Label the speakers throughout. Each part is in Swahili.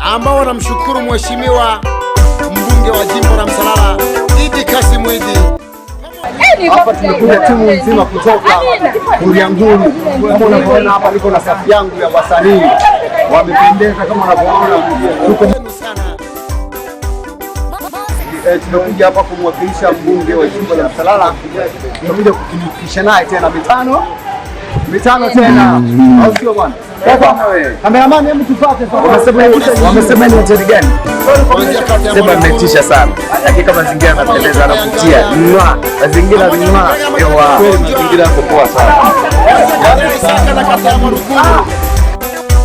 Speaker 1: ambao wanamshukuru mheshimiwa mbunge wa jimbo la Msalala Idi Kasim Idi.
Speaker 2: Hapa tumekuja timu nzima kutoka Bulyanhulu, kama unavyoona hapa niko na safu yangu ya wasanii wamependeza, kama unavyoona tuko sana. Eh, tumekuja hapa kumwakilisha mbunge wa jimbo la Msalala, tumekuja kukinikisha naye tena mitano mitano tena, mm. au sio bwana? Kameramani, hebu tupate. Wamesema ni hoteli gani? Sema mmetisha sana, hakika mazingira yanapendeza, yanavutia, mazingira mazingira yako poa sana.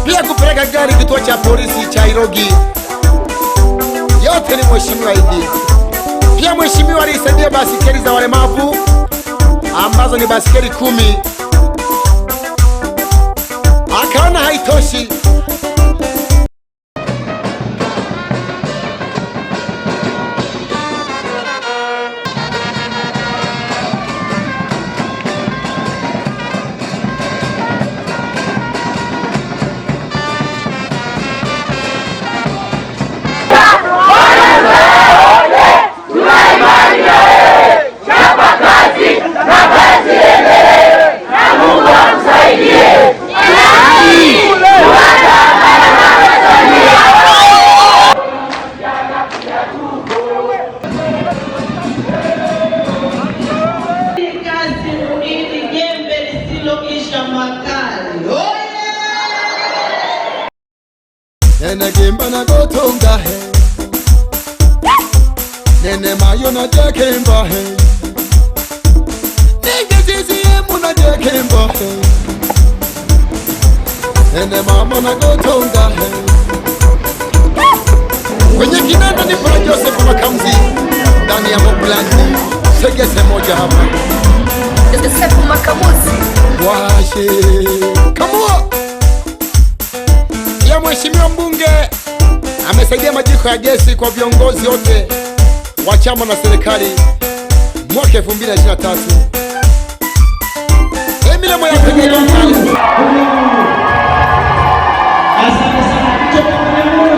Speaker 1: Pia kupeleka gari kituo cha polisi cha Irogi, yote ni mheshimiwa Idi. Pia mheshimiwa alisaidia basikeli za walemavu ambazo ni basikeli kumi. Anahitoshi
Speaker 3: makali nenegimba nagotongahe nenemayo najekembahe ningeziziyemu najekembahe nenemamo nagotongahe kwenye kinanda ni para Joseph Makamzi ndani ya Moblandi segese moja hapa Machi Kamua ya mheshimiwa mbunge amesaidia majiko ya gesi kwa viongozi wote wa chama na serikali mwaka 2023. Emile Moyakunywa